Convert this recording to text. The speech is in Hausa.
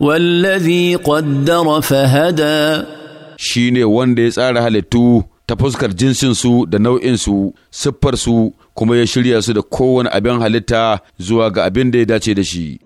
والذي fahada. Shi shine wanda ya tsara halittu ta fuskar jinsinsu da nau'insu siffarsu kuma ya shirya su da kowane abin halitta zuwa ga abin da ya dace da shi